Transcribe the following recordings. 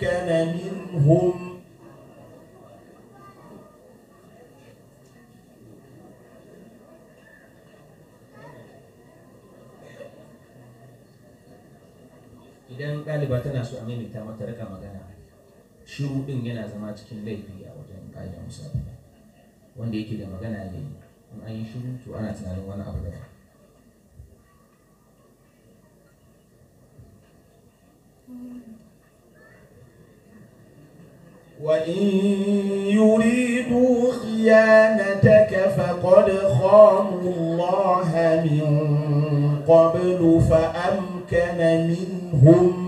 تمكن منهم idan ɗaliba tana so a maimaita mata raka magana shiru ɗin yana zama cikin laifi a wajen ƙa'idar musafi wanda yake da magana ne in an yi shiru to ana tunanin wani abu daban وإن يريدوا خيانتك فقد خانوا الله من قبل فأمكن منهم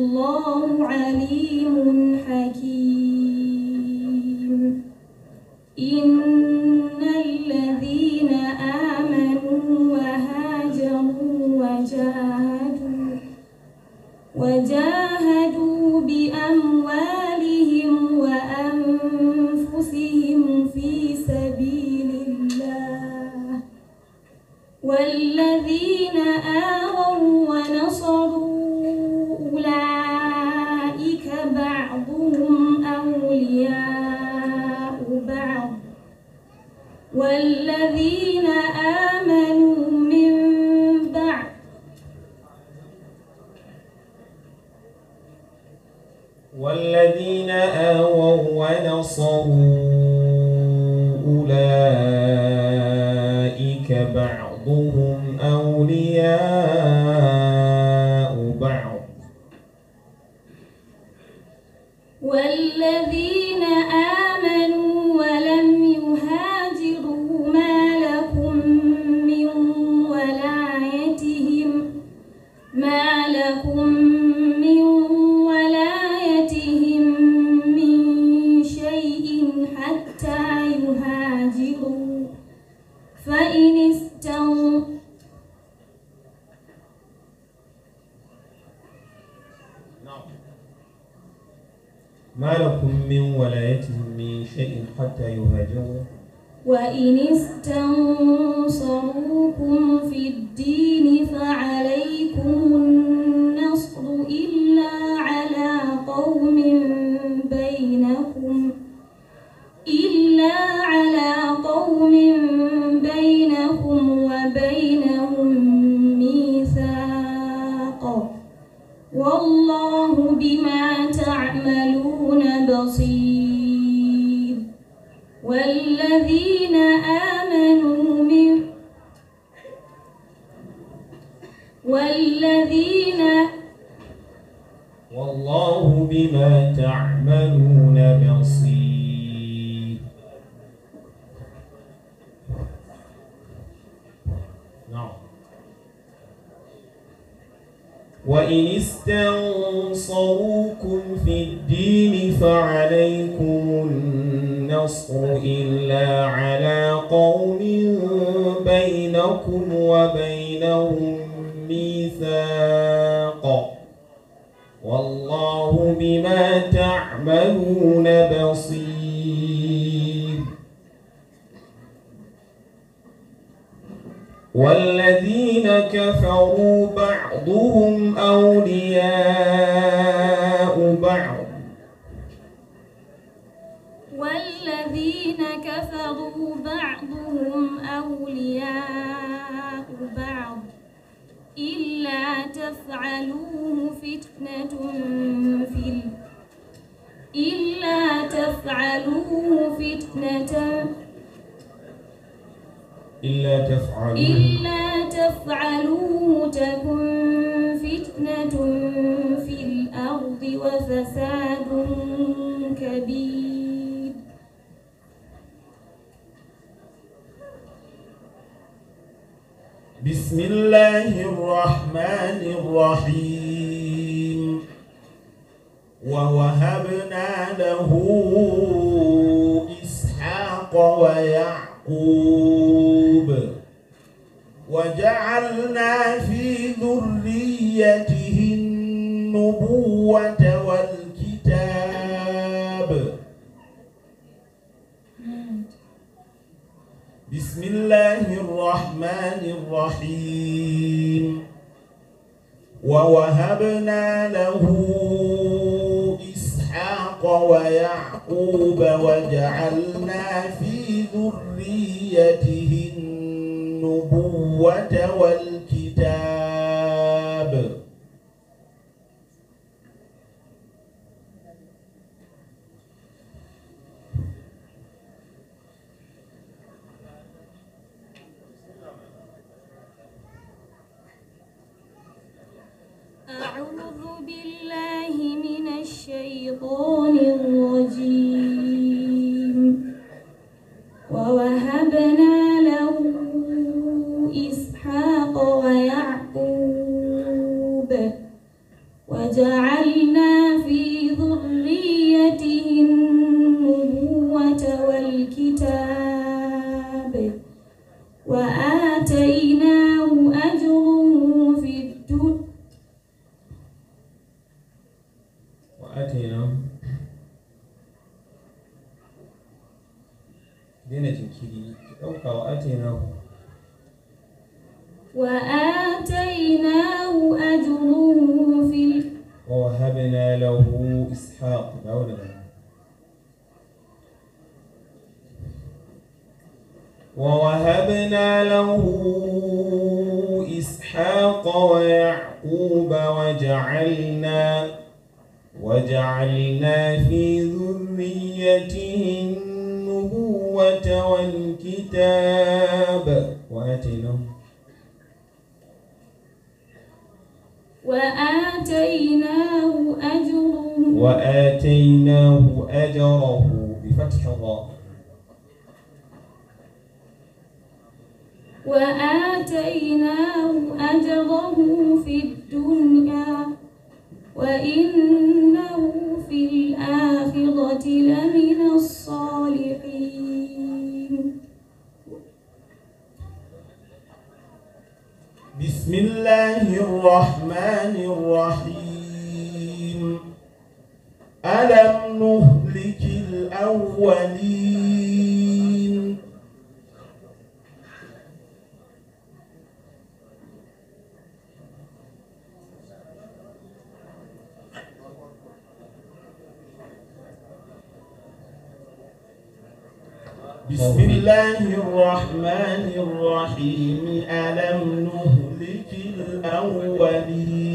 والله عليم حكيم إن الذين آمنوا وهاجروا وجاهدوا وجاهدوا بأموالهم وأنفسهم في سبيل الله والذين آووا ونصروا نَصَرُوا أُولَئِكَ بَعْضُهُمْ أَوْلِيَاءُ بَعْضٍ وَالَّذِينَ آمَنُوا وَلَمْ يُهَاجِرُوا مَا لَكُمْ مِنْ وَلَايَتِهِمْ مَا لَكُمْ ما لكم من ولايتهم من شيء حتى يهاجروا وإن استنصروكم في الدين فعليكم النصر إلا والذين آمنوا من والذين والله بما تعملون بصير نعم وإن استنصروكم في الدين فعليكم النار النصر إلا على قوم بينكم وبينهم ميثاق والله بما تعملون بصير والذين كفروا بعضهم أولياء بعض إلا تفعلوه فتنة في إلا تفعلوه فتنة إلا تفعلوه إلا تفعلوه تكن فتنة في الأرض وفساد بسم الله الرحمن الرحيم ووهبنا له إسحاق ويعقوب وجعلنا في ذريته النبوة والأسفل الرحمن الرحيم ووهبنا له إسحاق ويعقوب وجعلنا في ذريته النبوة والكتاب بالله من الشيطان اسحاق تبع ولده ووهبنا له إسحاق ويعقوب وجعلنا وجعلنا في ذريته النبوة والكتاب وآتيناه وآتيناه أجرا وآتيناه أجره بفتح الراء وآتيناه أجره في الدنيا وإنه في الآخرة لمن الصالحين بسم الله الرحمن الرحيم ألم نهلك الأولين بسم الله الرحمن الرحيم ألم نهلك الأولين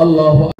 الله